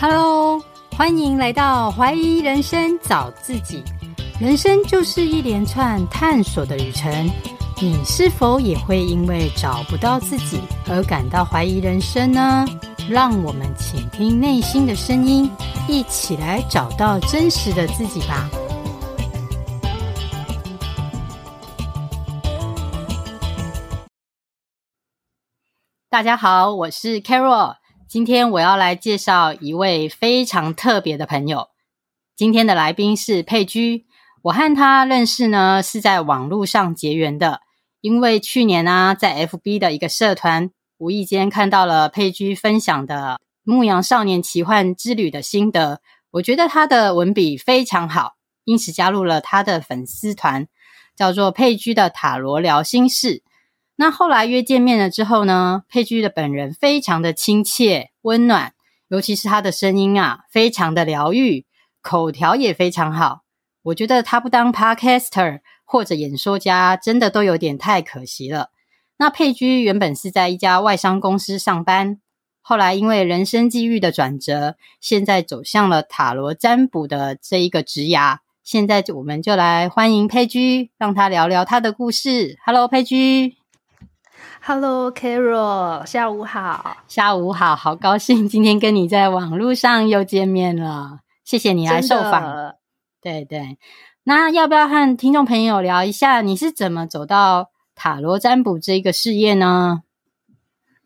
Hello，歡迎來到懷疑人生找自己。人生就是一連串探索的旅程。你是否也會因為找不到自己而感到懷疑人生呢？讓我們傾聽內心的聲音，一起來找到真實的自己吧。大家好，我是 Carol。今天我要來介紹一位非常特別的朋友。今天的來賓是佩居，我和他認識呢是在網絡上結緣的。因為去年呢、啊、在 FB 的一個社團，無意間看到了佩居分享的《牧羊少年奇幻之旅》的心得，我覺得他的文筆非常好，因此加入了他的粉絲團，叫做佩居的塔羅療心室。那後來約見面了之後呢，佩居的本人非常的親切溫暖，尤其是他的聲音啊，非常的療癒，口條也非常好。我覺得他不當 podcaster 或者演說家，真的都有點太可惜了。那佩居原本是在一家外商公司上班，後來因為人生際遇的轉折，現在走向了塔羅占卜的這一個職涯。現在就我們就來歡迎佩居，讓他聊聊他的故事。Hello，佩居。Hello, Carol，下午好。下午好，好高興今天跟你在網絡上又見面了。謝謝你來受訪了。真的。對對，那要不要和聽眾朋友聊一下，你是怎麼走到塔羅占卜這一個事業呢？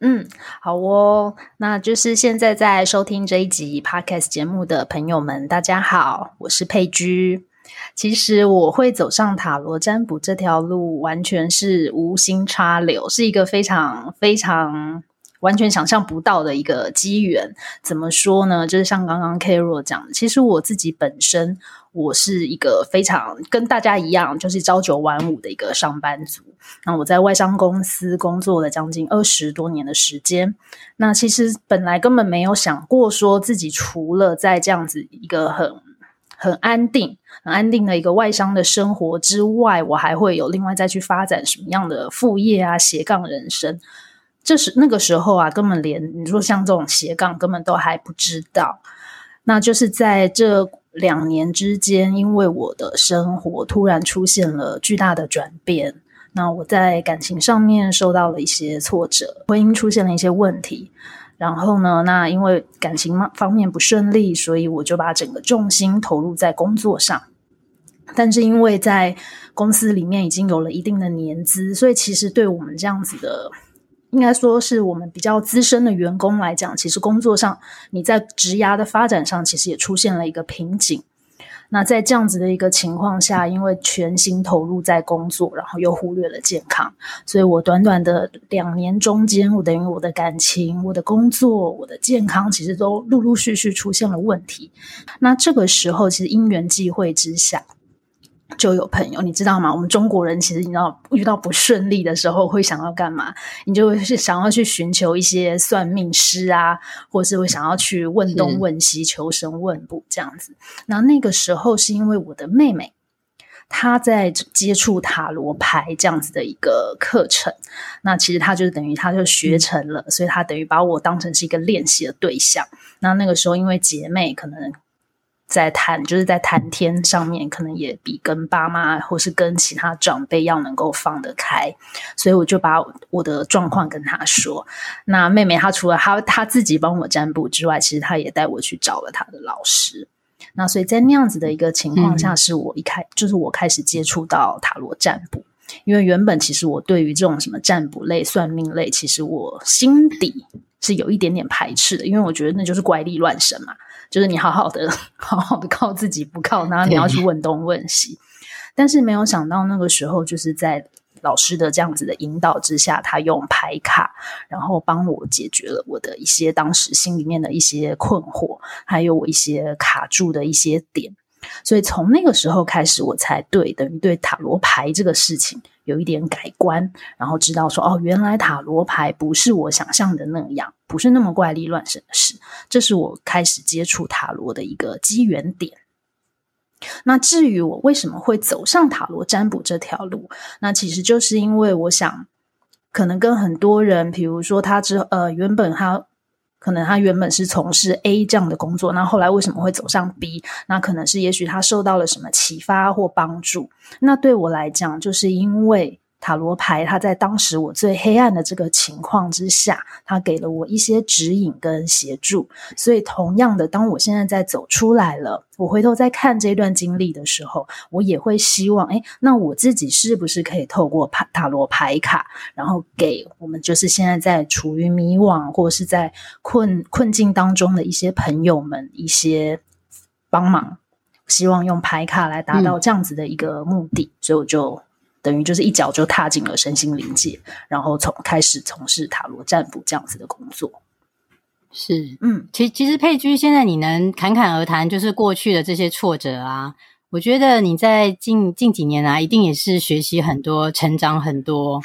嗯，好哦，那就是現在在收聽這一集 Podcast 節目的朋友們，大家好，我是佩居。其實我會走上塔羅占卜這條路，完全是無心插柳，是一個非常非常完全想象不到的一個機緣。怎麼說呢？就是像剛剛 Carol 講，其實我自己本身，我是一個非常跟大家一樣，就是朝九晚五的一個上班族。那我在外商公司工作了將近二十多年的時間，那其實本來根本沒有想過說自己除了在這樣子一個很很安定、很安定的一個外商的生活之外，我還會有另外再去發展什麼樣的副業啊？斜槓人生，這是那個時候啊，根本連你說像這種斜槓，根本都還不知道。那就是在這兩年之間，因為我的生活突然出現了巨大的轉變，那我在感情上面受到了一些挫折，婚姻出現了一些問題。然後呢，那因為感情方方面不順利，所以我就把整個重心投入在工作上。但是因為在公司裡面已經有了一定的年資，所以其實對我們這樣子的，應該說是我們比較資深的員工來講，其實工作上你在職涯的發展上，其實也出現了一個瓶頸。那在這樣子的一個情況下，因為全心投入在工作，然後又忽略了健康，所以我短短的兩年中間，我等於我的感情、我的工作、我的健康，其實都陸陸續續出現了問題。那這個時候，其實因緣際會之下。就有朋友，你知道嗎？我們中國人其實你知道，遇到不順利的時候會想要幹嘛？你就是想要去尋求一些算命師啊，或是會想要去問東問西、是求神問卜這樣子。那那個時候是因為我的妹妹，她在接觸塔羅牌這樣子的一個課程，那其實她就等於她就學成了，嗯、所以她等於把我當成是一個練習的對象。那那個時候因為姐妹可能。在談，就是在談天上面，可能也比跟爸媽或是跟其他長輩要能夠放得開，所以我就把我的狀況跟他說。那妹妹她除了她她自己幫我占卜之外，其實她也帶我去找了她的老師。那所以在那樣子的一個情況下，是我一開、嗯、就是我開始接觸到塔羅占卜。因為原本其實我對於這種什麼占卜類、算命類，其實我心底是有一點點排斥的，因為我覺得那就是怪力亂神嘛。就是你好好的，好好的靠自己，不靠，然後你要去問東問西，對但是沒有想到那個時候，就是在老師的這樣子的引導之下，他用牌卡，然後幫我解決了我的一些當時心裡面的一些困惑，還有我一些卡住的一些點。所以從那個時候開始，我才對等於對塔羅牌這個事情有一點改觀，然後知道說哦，原來塔羅牌不是我想象的那樣，不是那麼怪力亂神的事。這是我開始接觸塔羅的一個機緣點。那至於我為什麼會走上塔羅占卜這條路，那其實就是因為我想，可能跟很多人，比如說他之呃原本他。可能他原本是從事 A 這樣的工作，那後來為什麼會走上 B？那可能是，也許他受到了什麼啟發或幫助。那對我來講，就是因為。塔羅牌，它在當時我最黑暗的這個情況之下，它給了我一些指引跟協助。所以，同樣的，當我現在在走出來了，我回頭再看這段經歷的時候，我也會希望，哎，那我自己是不是可以透過塔塔羅牌卡，然後給我們就是現在在處於迷惘或是在困困境當中的一些朋友們一些幫忙，希望用牌卡來達到這樣子的一個目的。嗯、所以我就。等於就是一腳就踏進了身心靈界，然後從開始從事塔羅占卜這樣子的工作。是，嗯，其實其實佩居現在你能侃侃而談，就是過去的這些挫折啊，我覺得你在近近幾年啊，一定也是學習很多，成長很多。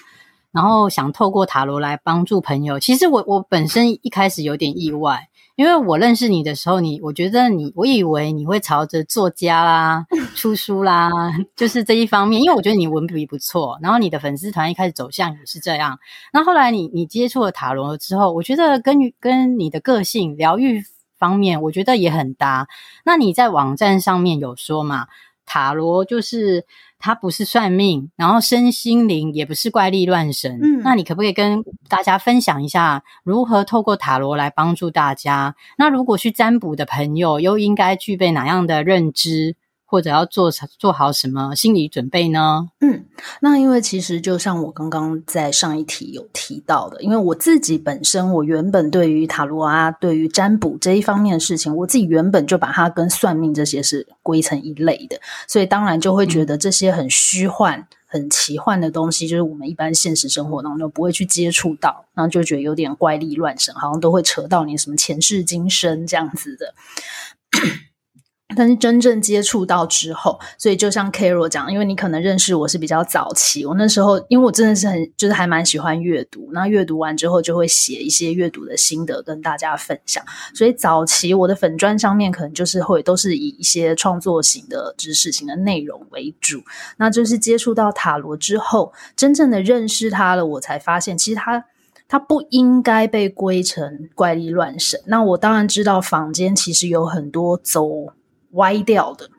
然後想透過塔羅來幫助朋友。其實我我本身一開始有點意外，因為我認識你的時候，你我覺得你我以為你會朝着作家啦、出書啦，就是這一方面。因為我覺得你文筆不錯，然後你的粉絲團一開始走向也是這樣。那後來你你接觸了塔羅之後，我覺得跟你跟你的個性療癒方面，我覺得也很搭。那你在網站上面有說嘛，塔羅就是。它不是算命，然後身心靈也不是怪力亂神。嗯，那你可不可以跟大家分享一下，如何透過塔羅來幫助大家？那如果去占卜的朋友，又應該具備哪樣的認知？或者要做做好什麼心理準備呢？嗯，那因為其實就像我剛剛在上一題有提到的，因為我自己本身我原本對於塔羅啊、對於占卜這一方面的事情，我自己原本就把它跟算命這些是歸成一類的，所以當然就會覺得這些很虛幻、嗯、很奇幻的東西，就是我們一般現實生活當中都不會去接觸到，然後就覺得有點怪力亂神，好像都會扯到你什麼前世今生這樣子的。但是真正接觸到之後，所以就像 Carol 講，因為你可能認識我是比較早期，我那時候因為我真的是很就是還蠻喜歡閱讀，那閱讀完之後就會寫一些閱讀的心得跟大家分享。所以早期我的粉專上面可能就是會都是以一些創作型的知識型的內容為主。那就是接觸到塔羅之後，真正的認識它了，我才發現其實它它不應該被歸成怪力亂神。那我當然知道坊間其實有很多走，歪掉的，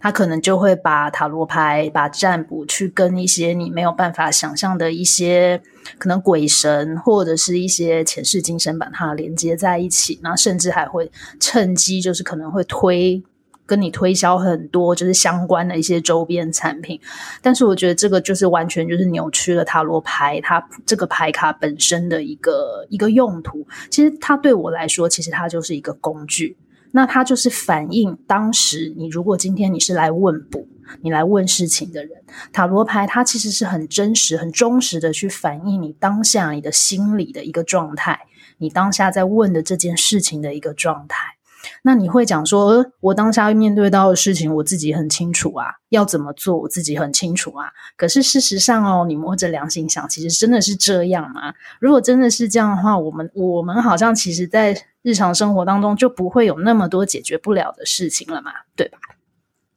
他可能就會把塔羅牌、把占卜去跟一些你沒有辦法想象的一些可能鬼神或者是一些前世今生把它連接在一起，那甚至還會趁機就是可能會推，跟你推銷很多就是相關的一些周邊產品。但是我覺得這個就是完全就是扭曲了塔羅牌它這個牌卡本身的一個一個用途。其實它對我來說，其實它就是一個工具。那它就是反映當時你，如果今天你是來問卜，你來問事情的人，塔羅牌它其實是很真實、很忠實的去反映你當下你的心理的一個狀態，你當下在問的這件事情的一個狀態。那你會講說，呃，我當下面對到的事情，我自己很清楚啊，要怎麼做，我自己很清楚啊。可是事實上哦，你摸着良心想，其實真的是這樣嗎？如果真的是這樣的話，我們我們好像其實，在日常生活當中就不會有那麼多解決不了的事情了嘛，對吧？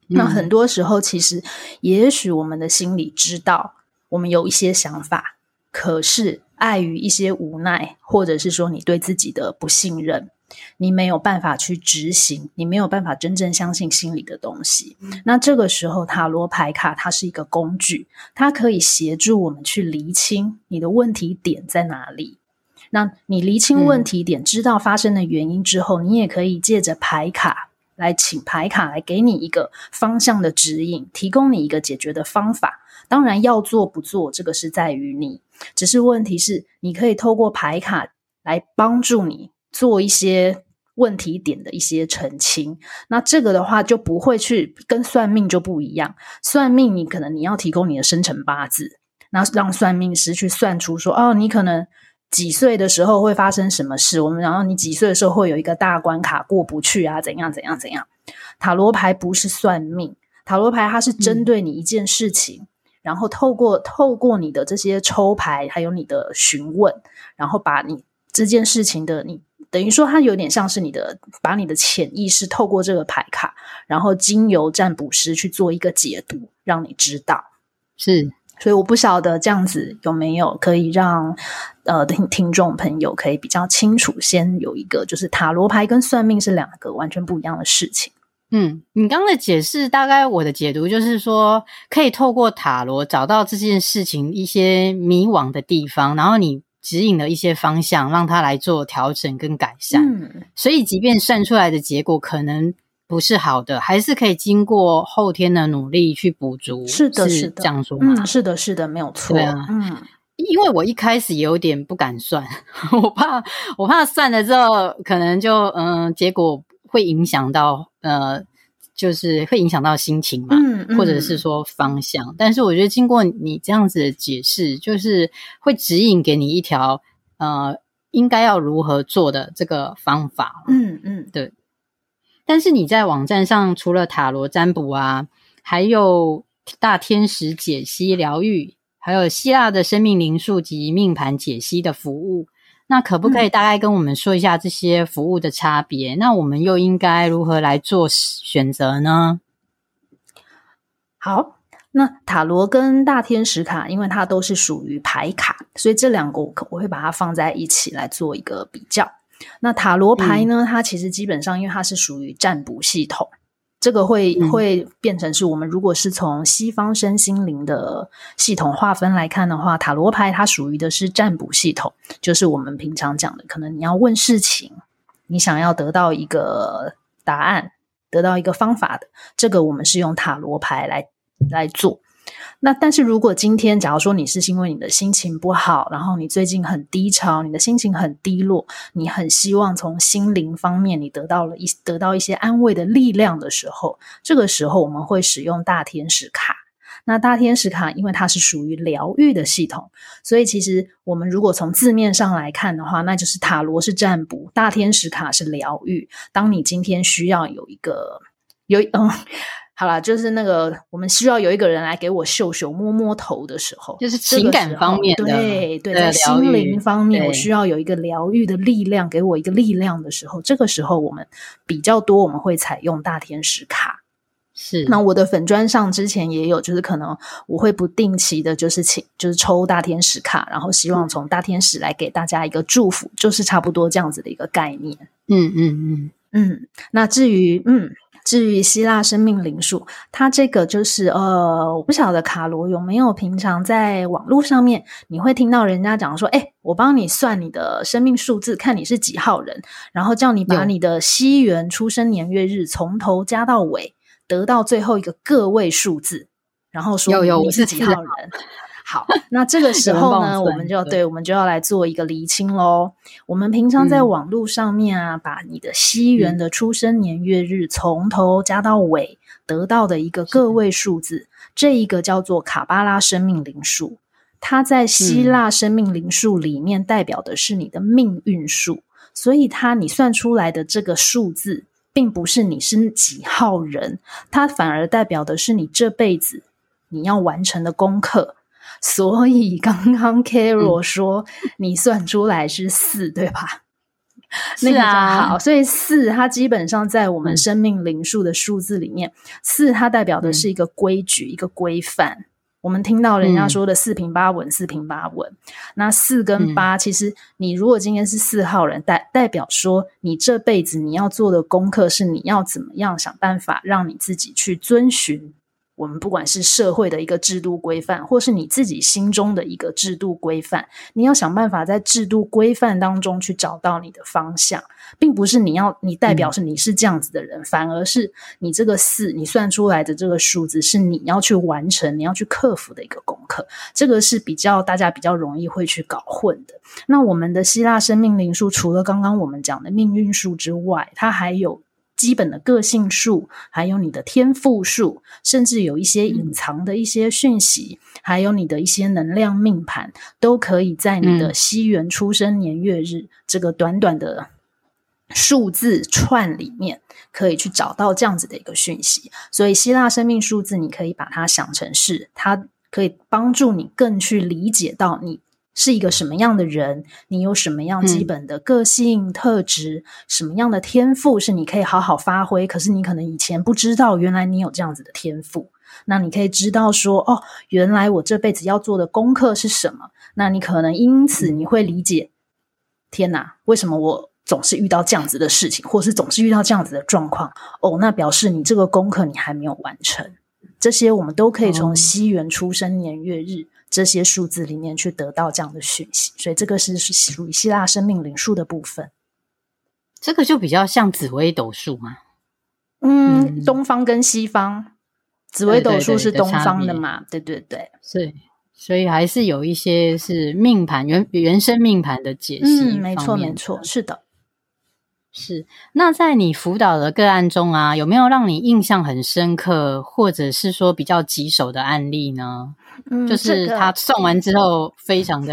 嗯。那很多時候，其實也許我們的心裡知道，我們有一些想法，可是礙於一些無奈，或者是說你對自己的不信任。你沒有辦法去執行，你沒有辦法真正相信心裡的東西。那這個時候，塔羅牌卡它是一個工具，它可以協助我們去釐清你的問題點在哪裡。那你釐清問題點，知道發生的原因之後，嗯、你也可以借着牌卡來請牌卡來給你一個方向的指引，提供你一個解決的方法。當然要做不做，這個是在於你。只是問題是，你可以透過牌卡來幫助你。做一些問題點的一些澄清，那這個的話就不會去跟算命就不一樣。算命你可能你要提供你的生辰八字，那讓算命師去算出說，哦，你可能幾歲的時候會發生什麼事？我們然後你幾歲的時候會有一個大關卡過不去啊？怎樣怎樣怎樣？塔羅牌不是算命，塔羅牌它是針對你一件事情，嗯、然後透過透過你的這些抽牌，還有你的詢問，然後把你這件事情的你。等於說，它有點像是你的，把你的潛意識透過這個牌卡，然後經由占卜師去做一個解讀，讓你知道。是，所以我不曉得這樣子有沒有可以讓呃聽聽眾朋友可以比較清楚，先有一個就是塔羅牌跟算命是兩個完全不一樣的事情。嗯，你剛剛的解釋，大概我的解讀就是說，可以透過塔羅找到這件事情一些迷惘的地方，然後你。指引了一些方向，讓他來做調整跟改善。嗯，所以即便算出來的結果可能不是好的，還是可以經過後天的努力去補足。是的，是的，是的，這樣說嗎？嗯，是的，是的，沒有錯。對啊，嗯，因為我一開始有點不敢算，我怕我怕算了之後可能就嗯，呃，結果會影響到呃。就是會影響到心情嘛，嗯嗯、或者是說方向。但是我覺得經過你這樣子的解釋，就是會指引給你一條呃，應該要如何做的這個方法嗯。嗯嗯，對。但是你在網站上除了塔羅占卜啊，還有大天使解析療癒，還有希臘的生命靈數及命盤解析的服務。那可不可以大概跟我們說一下這些服務的差別？嗯、那我們又應該如何來做選擇呢？好，那塔羅跟大天使卡，因為它都是屬於牌卡，所以這兩個我我會把它放在一起來做一個比較。那塔羅牌呢，嗯、它其實基本上因為它是屬於占卜系統。這個會會變成是我們，如果是從西方身心靈的系統劃分來看的話，塔羅牌它屬於的是占卜系統，就是我們平常講的，可能你要問事情，你想要得到一個答案，得到一個方法的，這個我們是用塔羅牌來來做。那但是如果今天，假如說你是因為你的心情不好，然後你最近很低潮，你的心情很低落，你很希望從心靈方面你得到了一得到一些安慰的力量的時候，這個時候我們會使用大天使卡。那大天使卡因為它是屬於療癒的系統，所以其實我們如果從字面上來看的話，那就是塔羅是占卜，大天使卡是療癒。當你今天需要有一個有嗯。好啦，就是那個我們需要有一個人來給我秀秀、摸摸頭的時候，就是情感方面的，對對，對對在心靈方面對我需要有一個療癒的力量，給我一個力量的時候，這個時候我們比較多，我們會採用大天使卡。是，那我的粉專上之前也有，就是可能我會不定期的，就是請就是抽大天使卡，然後希望從大天使來給大家一個祝福，嗯、就是差不多這樣子的一個概念。嗯嗯嗯嗯。那至於嗯。至於希臘生命靈數，它這個就是呃，我不曉得卡羅有沒有平常在網絡上面，你會聽到人家講說，哎、欸，我幫你算你的生命數字，看你是幾號人，然後叫你把你的西元出生年月日從頭加到尾，得到最後一個個位數字，然後說你是幾號人。 好，那這個時候呢，我們就對，對，我們就要來做一個釐清嘍。我們平常在網絡上面啊，嗯、把你的西元的出生年月日從、嗯、頭加到尾，得到的一個個位數字，是這一個叫做卡巴拉生命靈數。它在希臘生命靈數裡面代表的是你的命運數，嗯、所以它你算出來的這個數字，並不是你是幾號人，它反而代表的是你這輩子你要完成的功課。所以剛剛 Carol 說，嗯、你算出來是四，對吧？啊、那個好，所以四它基本上在我們生命靈數的數字裡面，嗯、四它代表的是一個規矩，嗯、一個規範。我們聽到人家說的“四平八穩”，嗯、四平八穩。那四跟八，嗯、其實你如果今天是四號人，代代表說，你這輩子你要做的功課是，你要怎麼樣想辦法讓你自己去遵循。我們不管是社會的一個制度規範，或是你自己心中的一個制度規範，你要想辦法在制度規範當中去找到你的方向，並不是你要你代表是你是這樣子的人，嗯、反而是你這個四你算出來的這個數字是你要去完成、你要去克服的一個功課。這個是比較大家比較容易會去搞混的。那我們的希臘生命靈數，除了剛剛我們講的命運數之外，它還有。基本的個性數，還有你的天賦數，甚至有一些隱藏的一些訊息，嗯、還有你的一些能量命盤，都可以在你的西元出生年月日這個短短的數字串裡面，可以去找到這樣子的一個訊息。所以，希臘生命數字，你可以把它想成是它可以幫助你更去理解到你。是一個什麼樣的人？你有什麼樣基本的個性、嗯、特質？什麼樣的天賦是你可以好好發揮？可是你可能以前不知道，原來你有這樣子的天賦。那你可以知道說，哦，原來我這輩子要做的功課是什麼？那你可能因此你會理解，嗯、天哪，為什麼我總是遇到這樣子的事情，或是總是遇到這樣子的狀況？哦，那表示你這個功課你還沒有完成。這些我們都可以從西元出生年月日，嗯這些數字裡面去得到這樣的訊息，所以這個是屬於希臘生命靈數的部分。這個就比較像紫微斗數嘛。嗯，東方跟西方，紫微斗數是東方的嘛？對對對，的對對對，是，所以還是有一些是命盤原原生命盤的解析的。嗯，沒錯沒錯，是的。是，那在你輔導的個案中啊，有沒有讓你印象很深刻，或者是說比較棘手的案例呢？嗯、就是他送完之後，非常的，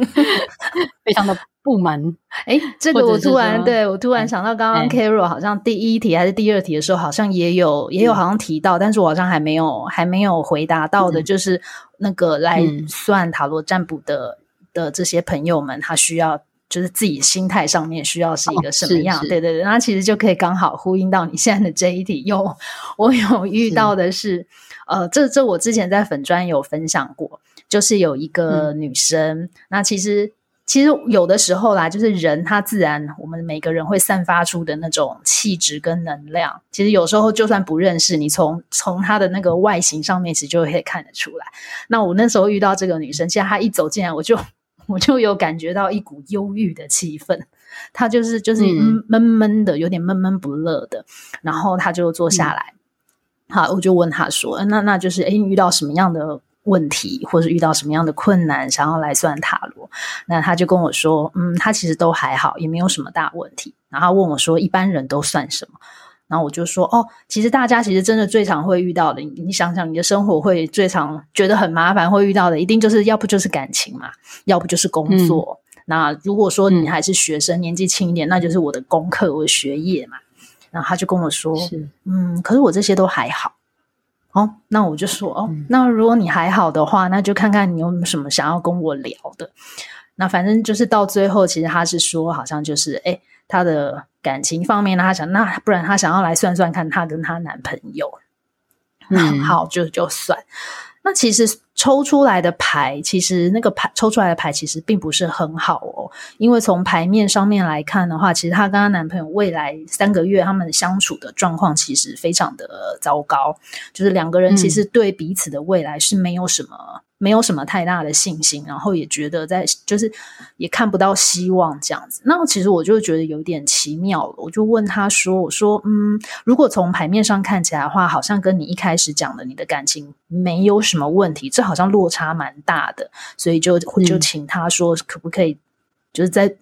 非常的不滿。哎、欸，這個我突然，對，我突然想到，剛剛 Carol 好像第一題還是第二題的時候，好像也有、欸、也有好像提到，但是我好像還沒有還沒有回答到的，就是那個來算塔羅占卜的的這些朋友們，他需要。就是自己心態上面需要是一個什麼樣？哦、對對對，那其實就可以剛好呼應到你現在的這一題。又我有遇到的是是呃，這這我之前在粉專有分享過，就是有一個女生。嗯、那其實其實有的時候啦，就是人她自然，我們每個人會散發出的那種氣質跟能量，其實有時候就算不認識你從、從從她的那個外形上面，其實就可以看得出來。那我那時候遇到這個女生，其實她一走進來，我就。我就有感覺到一股憂鬱的氣氛，他就是就是悶悶的，嗯、有點悶悶不樂的，然後他就坐下來。嗯、好，我就問他說：“那那就是，哎、欸，你遇到什麼樣的問題，或是遇到什麼樣的困難，想要來算塔羅？”那他就跟我說：“嗯，他其實都還好，也沒有什麼大問題。”然後問我說：“一般人都算什麼？”然後我就說哦，其實大家其實真的最常會遇到的，你想想你的生活會最常覺得很麻煩會遇到的，一定就是要不就是感情嘛，要不就是工作。嗯、那如果說你還是學生，嗯、年紀輕一點，那就是我的功課，我的學業嘛。然後他就跟我說，是嗯，可是我這些都還好。哦，那我就說哦，那如果你還好的話，那就看看你有什麼想要跟我聊的。那反正就是到最後，其實他是說，好像就是哎、欸，他的感情方面呢，他想那不然他想要來算算看，他跟他男朋友，好、嗯、就就算。那其實抽出來的牌，其實那個牌抽出來的牌其實並不是很好哦。因為從牌面上面來看的話，其實他跟他男朋友未來三個月他們相處的狀況其實非常的糟糕，就是兩個人其實對彼此的未來是沒有什麼。嗯沒有什麼太大的信心，然後也覺得在就是也看不到希望這樣子。那其實我就覺得有點奇妙了，我就問他說：“我說，嗯，如果從牌面上看起來的話，好像跟你一開始講的你的感情沒有什麼問題，嗯，這好像落差蠻大的。”所以就就請他說可不可以，就是再再，嗯，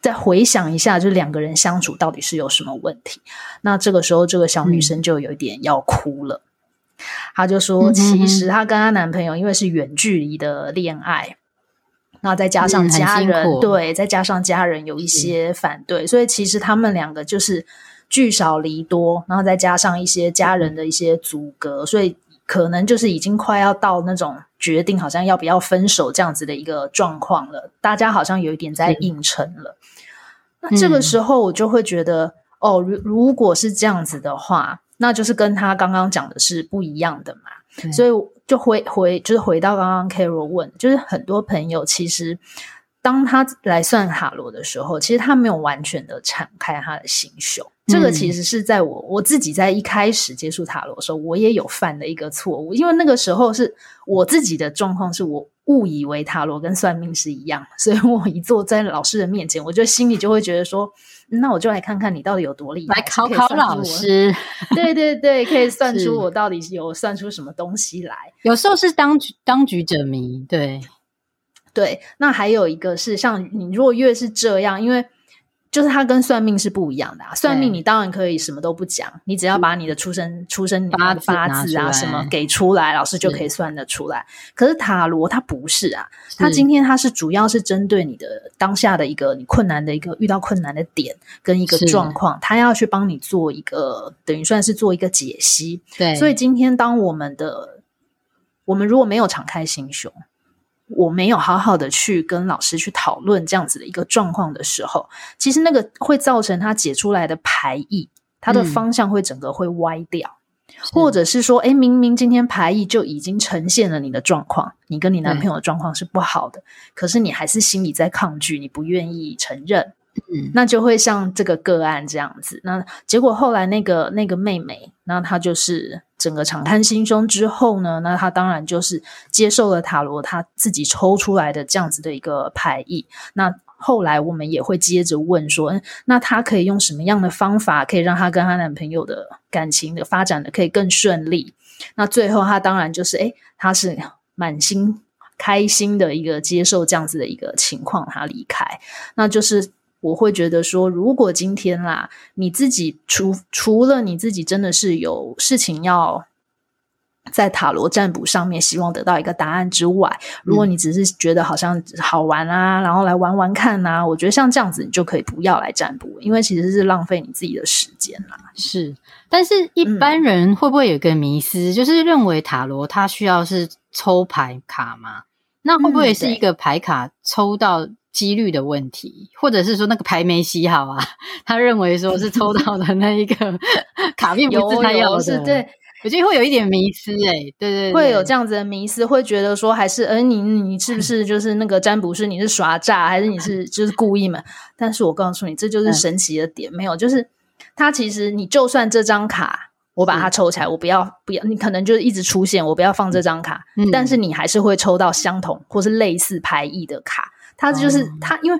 再回想一下，就兩個人相處到底是有什麼問題？那這個時候，這個小女生就有一點要哭了。嗯。她就說：“其實她跟她男朋友因為是遠距離的戀愛，嗯、哼那再加上家人，對，再加上家人有一些反對，嗯、所以其實他們兩個就是聚少離多，然後再加上一些家人的一些阻隔，嗯、所以可能就是已經快要到那種決定，好像要不要分手這樣子的一個狀況了。大家好像有一點在應承了。嗯、那這個時候，我就會覺得，哦，如如果是這樣子的話。”那就是跟他剛剛講的是不一樣的嘛，是所以就回回就是回到剛剛 Carol 問，就是很多朋友其實當他來算塔羅的時候，其實他沒有完全的敞開他的心胸。這個其實是在我、嗯、我自己在一開始接觸塔羅的時候，我也有犯的一個錯誤，因為那個時候是我自己的狀況是我。誤以為塔羅跟算命是一樣，所以我一坐在老師的面前，我就心裡就會覺得說：“嗯、那我就來看看你到底有多厲害，來考考老師。” 對對對，可以算出我到底是有算出什麼東西來。有時候是當局當局者迷，對對。那還有一個是像你，若越是這樣，因為。就是它跟算命是不一樣的啊！算命你當然可以什麼都不講，嗯、你只要把你的出生、出生八八字啊什麼給出來，是老師就可以算得出來。可是塔羅它不是啊，它是今天它是主要是針對你的當下的一個你困難的一個遇到困難的點跟一個狀況，它是要去幫你做一個等於算是做一個解析。對，所以今天當我們的我們如果沒有敞開心胸。我沒有好好的去跟老師去討論這樣子的一個狀況的時候，其實那個會造成他解出來的牌義，他、嗯、的方向會整個會歪掉，是或者是說，誒，明明今天牌義就已經呈現了你的狀況，你跟你男朋友的狀況是不好的，嗯、可是你還是心裡在抗拒，你不願意承認，嗯、那就會像這個個案這樣子，那結果後來那個那個妹妹，那她就是。整個敞開心胸之後呢，那他當然就是接受了塔羅他自己抽出來的這樣子的一個牌意。那後來我們也會接着問說，嗯，那他可以用什麼樣的方法，可以讓他跟他男朋友的感情的發展的可以更順利？那最後他當然就是，哎，他是滿心開心的一個接受這樣子的一個情況，他離開，那就是。我會覺得說，如果今天啦，你自己除除了你自己真的是有事情要在塔羅占卜上面，希望得到一個答案之外，如果你只是覺得好像好玩啊，嗯、然後來玩玩看啊，我覺得像這樣子，你就可以不要來占卜，因為其實是浪費你自己的時間啦。是，但是一般人會不會有一個迷思，嗯、就是認為塔羅它需要是抽牌卡嗎？那會不會是一個牌卡抽到、嗯？幾率的問題，或者是說那個牌沒洗好啊？他認為說是抽到的那一個 卡面不是他要是，對，就會有一點迷思誒、欸、對，對對，會有這樣子的迷思，會覺得說還是，而、呃、你你是不是就是那個占卜師？你是耍詐還是你是就是故意嗎？ 但是我告訴你，這就是神奇的點，嗯、沒有，就是他其實你就算這張卡我把它抽起來，是我不要不要，你可能就是一直出現，我不要放這張卡，嗯、但是你還是會抽到相同或是類似牌意的卡。他就是、嗯、他，因為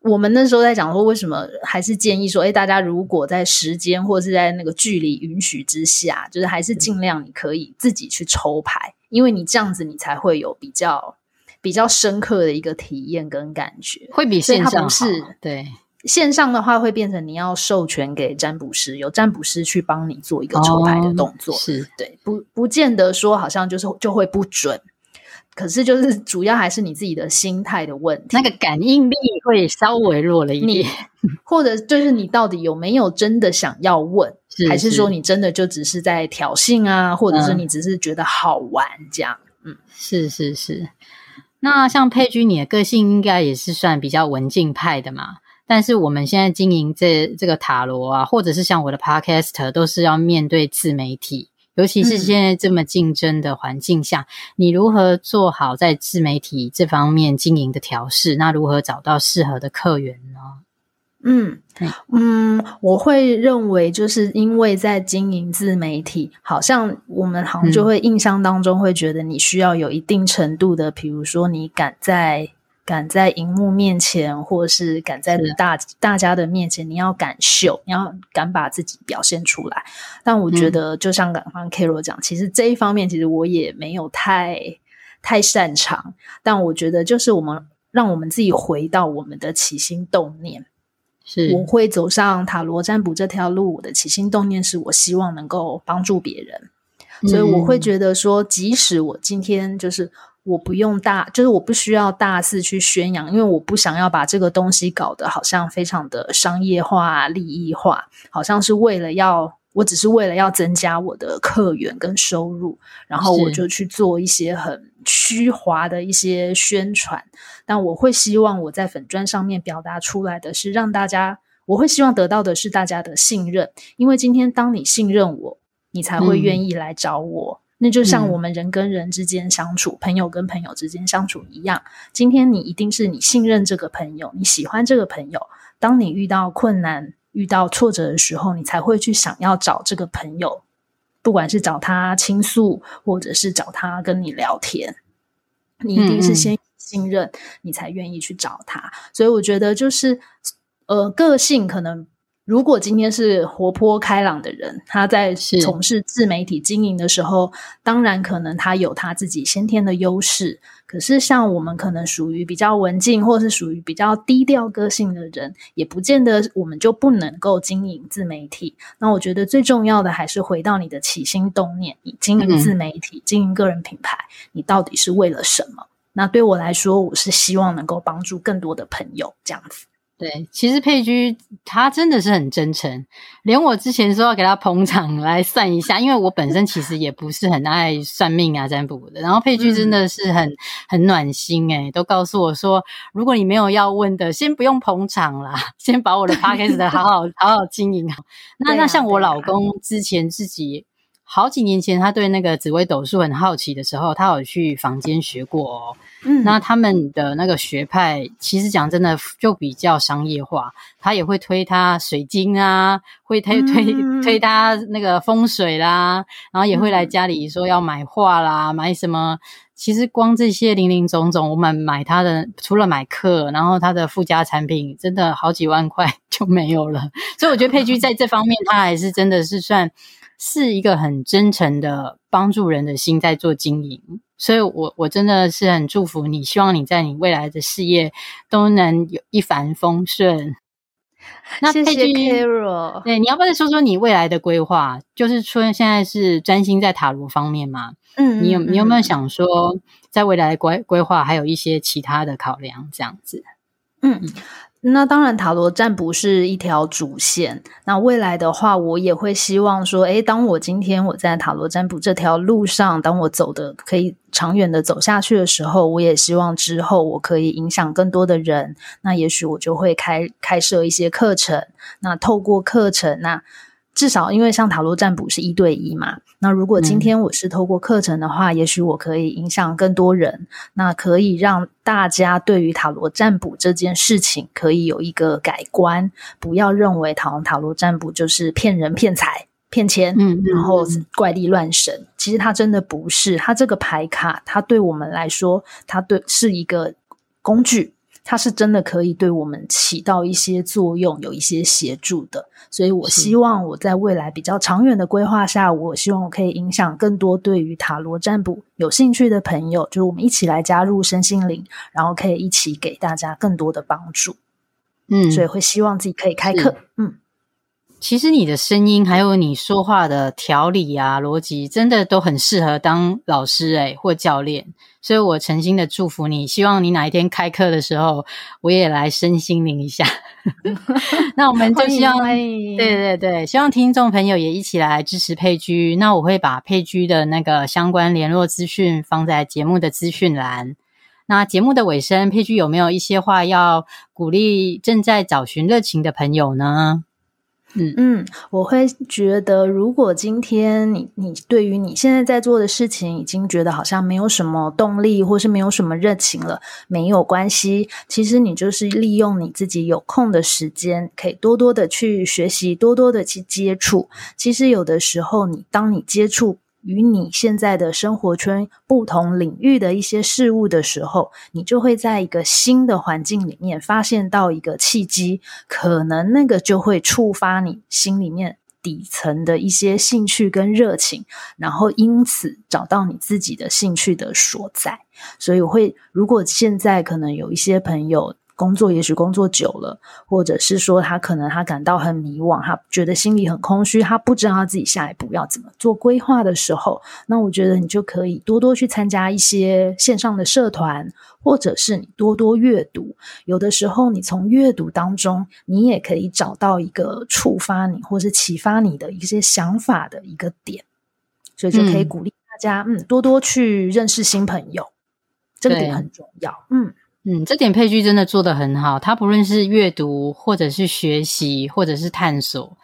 我們那時候在講說，為什麼還是建議說，哎、欸，大家如果在時間或是在那個距離允許之下，就是還是儘量你可以自己去抽牌，因為你這樣子你才會有比較比較深刻的一個體驗跟感覺，會比線上好，對是對線上的話，會變成你要授權給占卜師，有占卜師去幫你做一個抽牌的動作。哦、是對，不不見得說好像就是就會不準。可是，就是主要還是你自己的心態的問題。那個感應力會稍微弱了一點， 你或者就是你到底有沒有真的想要問，是是還是說你真的就只是在挑釁啊，嗯、或者是你只是覺得好玩這樣？嗯，是是是。那像佩居，你的個性應該也是算比較文靜派的嘛？但是我們現在經營這這個塔羅啊，或者是像我的 podcast，都是要面對自媒體。尤其是現在這麼競爭的環境下，嗯、你如何做好在自媒體這方面經營的調試？那如何找到適合的客源呢？嗯嗯，嗯，我會認為，就是因為在經營自媒體，好像我們好像就會印象當中會覺得你需要有一定程度的，嗯、比如說你敢在。敢在熒幕面前，或是敢在大、啊、大家的面前，你要敢秀，你要敢把自己表現出來。但我覺得，就像剛剛 K 羅講，嗯、其實這一方面，其實我也沒有太太擅長。但我覺得，就是我們讓我們自己回到我們的起心動念。是我會走上塔羅占卜這條路，我的起心動念是我希望能夠幫助別人，嗯、所以我會覺得說，即使我今天就是。我不用大，就是我不需要大肆去宣揚，因為我不想要把這個東西搞得好像非常的商業化、利益化，好像是為了要，我只是為了要增加我的客源跟收入，然後我就去做一些很虛華的一些宣傳。是但我會希望我在粉專上面表達出來的是讓大家，我會希望得到的是大家的信任，因為今天當你信任我，你才會願意來找我。嗯那就像我們人跟人之間相處，嗯、朋友跟朋友之間相處一樣。今天你一定是你信任這個朋友，你喜歡這個朋友。當你遇到困難、遇到挫折的時候，你才會去想要找這個朋友，不管是找他傾訴，或者是找他跟你聊天。你一定是先信任，嗯嗯，你才願意去找他。所以我覺得就是，呃，個性可能。如果今天是活潑開朗的人，他在從事自媒體經營的時候，是當然可能他有他自己先天的優勢。可是像我們可能屬於比較文靜，或是屬於比較低調個性的人，也不見得我們就不能夠經營自媒體。那我覺得最重要的還是回到你的起心動念，你經營自媒體、嗯、經營個人品牌，你到底是為了什麼？那對我來說，我是希望能夠幫助更多的朋友，這樣子。對，其實佩居他真的是很真誠，連我之前說要給他捧場來算一下，因為我本身其實也不是很愛算命啊占卜的。然後佩居真的是很、嗯、很暖心誒、欸、都告訴我說，如果你沒有要問的，先不用捧場啦，先把我的 podcast 好好 好好經營、啊。那、啊、那像我老公之前自己好幾年前，他對那個紫微斗數很好奇的時候，他有去房間學過哦。那他們的那個學派，其實講真的就比較商業化，他也會推他水晶啊，會推推、嗯、推他那個風水啦，然後也會來家裡說要買畫啦，嗯、買什麼？其實光這些零零總總，我們買他的除了買課，然後他的附加產品，真的好幾萬塊就沒有了。所以我覺得佩居在這方面，他還是真的是算是一個很真誠的幫助人的心在做經營。所以我，我我真的是很祝福你，希望你在你未來的事業都能有一帆風順。那佩居，謝謝 Carol 對，你要不要再說說你未來的規劃？就是說，現在是專心在塔羅方面嗎？嗯,嗯,嗯，你有你有沒有想說，在未來規規劃還有一些其他的考量？這樣子，嗯。嗯那當然，塔羅占卜是一條主線。那未來的話，我也會希望說，誒，當我今天我在塔羅占卜這條路上，當我走得可以長遠地走下去的時候，我也希望之後我可以影響更多的人。那也許我就會開，開設一些課程。那透過課程，那至少因為像塔羅占卜是一對一嘛。那如果今天我是透過課程的話，嗯，也許我可以影響更多人，那可以讓大家對於塔羅占卜這件事情可以有一個改觀，不要認為塔羅塔羅占卜就是騙人、騙財、騙錢，嗯，然後怪力亂神。嗯，嗯，其實它真的不是，它這個牌卡，它對我們來說，它對是一個工具。它是真的可以對我們起到一些作用，有一些協助的。所以，我希望我在未來比較長遠的規劃下，是我希望我可以影響更多對於塔羅占卜有興趣的朋友，就是我們一起來加入身心靈，然後可以一起給大家更多的幫助。嗯，所以會希望自己可以開課。是嗯。其實你的聲音，還有你說話的條理啊、邏輯，真的都很適合當老師誒、欸、或教練。所以我誠心的祝福你，希望你哪一天開課的時候，我也來身心靈一下。 那我們就希望，對對對，對，希望聽眾朋友也一起來支持佩居。那我會把佩居的那個相關聯絡資訊放在節目的資訊欄。那節目的尾聲，佩居有沒有一些話要鼓勵正在找尋熱情的朋友呢？嗯嗯，我會覺得，如果今天你你對於你現在在做的事情已經覺得好像沒有什麼動力，或是沒有什麼熱情了，沒有關係。其實你就是利用你自己有空的時間，可以多多的去學習，多多的去接觸。其實有的時候你，你當你接觸。與你現在的生活圈不同領域的一些事物的時候，你就會在一個新的環境裡面發現到一個契機，可能那個就會觸發你心裡面底層的一些興趣跟熱情，然後因此找到你自己的興趣的所在。所以我會，如果現在可能有一些朋友。工作也許工作久了，或者是說他可能他感到很迷惘，他覺得心裡很空虛，他不知道他自己下一步要怎麼做規劃的時候，那我覺得你就可以多多去參加一些線上的社團，或者是你多多閱讀。有的時候你從閱讀當中，你也可以找到一個觸發你或是啟發你的一些想法的一個點，所以就可以鼓勵大家，嗯，嗯，多多去認識新朋友，這個點很重要，對嗯。嗯，這點佩居真的做得很好。他不論是閱讀，或者是學習，或者是探索，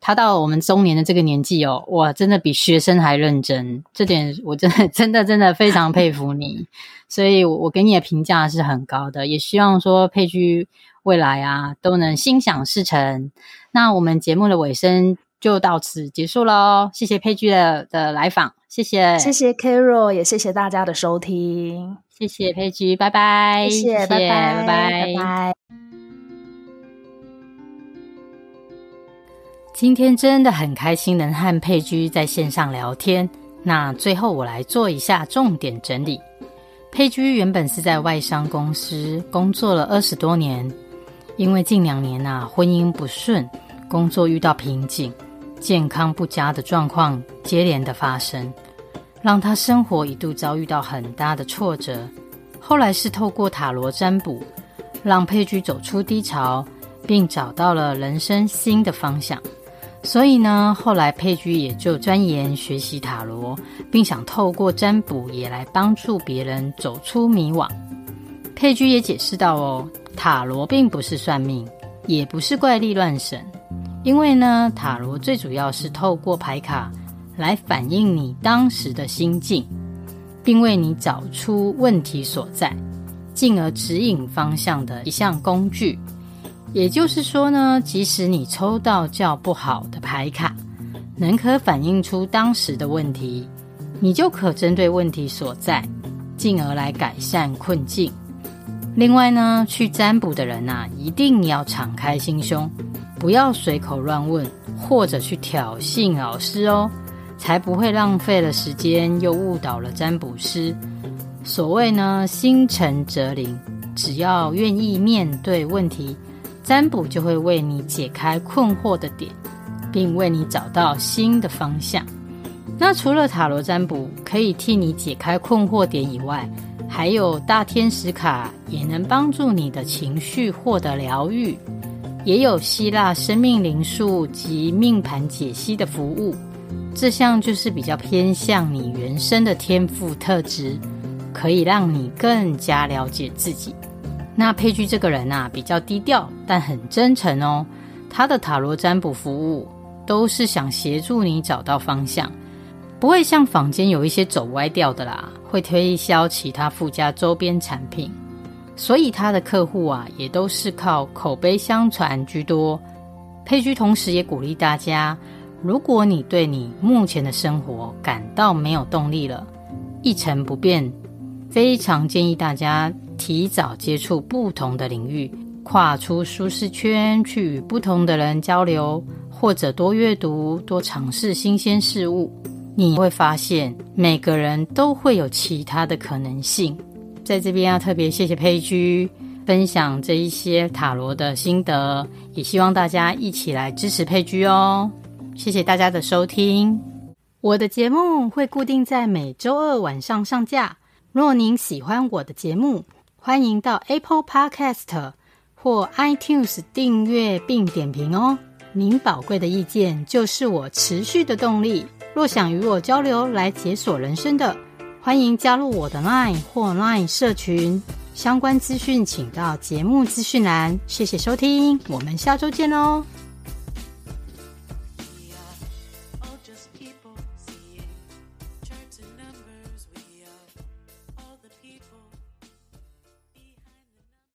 他到我們中年的這個年紀哦，哇，真的比學生還認真。這點我真的、真的、真的非常佩服你。 所以，我給你的評價是很高的，也希望說佩居未來啊都能心想事成。那我們節目的尾聲。就到此結束嘍，謝謝佩居的的來訪，謝謝，謝謝 Carol，也謝謝大家的收聽，謝謝佩居，拜拜，謝謝，謝謝拜拜，拜拜。今天真的很開心能和佩居在線上聊天，那最後我來做一下重點整理。佩居原本是在外商公司工作了二十多年，因為近兩年吶、啊、婚姻不順，工作遇到瓶頸，健康不佳的狀況接連的發生，讓他生活一度遭遇到很大的挫折。後來是透過塔羅占卜，讓佩居走出低潮，並找到了人生新的方向。所以呢，後來佩居也就鑽研學習塔羅，並想透過占卜也來幫助別人走出迷惘。佩居也解釋道哦，塔羅並不是算命，也不是怪力亂神。因為呢，塔羅最主要是透過牌卡來反映你當時的心境，並為你找出問題所在，進而指引方向的一項工具。也就是說呢，即使你抽到較不好的牌卡，能可反映出當時的問題，你就可針對問題所在，進而來改善困境。另外呢，去占卜的人吶、啊，一定要敞開心胸。不要隨口亂問，或者去挑釁老師哦，才不會浪費了時間，又誤導了占卜師。所謂呢，心誠則靈，只要願意面對問題，占卜就會為你解開困惑的點，並為你找到新的方向。那除了塔羅占卜可以替你解開困惑點以外，還有大天使卡也能幫助你的情緒獲得療癒。也有希臘生命靈數及命盤解析的服務，這項就是比較偏向你原生的天賦特質，可以讓你更加了解自己。那佩居這個人啊，比較低調，但很真誠哦。他的塔羅占卜服務都是想協助你找到方向，不會像坊間有一些走歪掉的啦，會推銷其他附加周邊產品。所以他的客戶啊，也都是靠口碑相傳居多。佩居同時也鼓勵大家，如果你對你目前的生活感到沒有動力了，一成不變，非常建議大家提早接觸不同的領域，跨出舒適圈，去與不同的人交流，或者多閱讀、多嘗試新鮮事物，你會發現每個人都會有其他的可能性。在這邊要特別謝謝佩居分享這一些塔羅的心得，也希望大家一起來支持佩居哦。謝謝大家的收聽，我的節目會固定在每周二晚上上架。若您喜歡我的節目，歡迎到 Apple Podcast 或 iTunes 訂閱並點評哦。您寶貴的意見就是我持續的動力。若想與我交流來解鎖人生的，歡迎加入我的 Line 或 Line 社群，相關資訊請到節目資訊欄。謝謝收聽，我們下周見哦。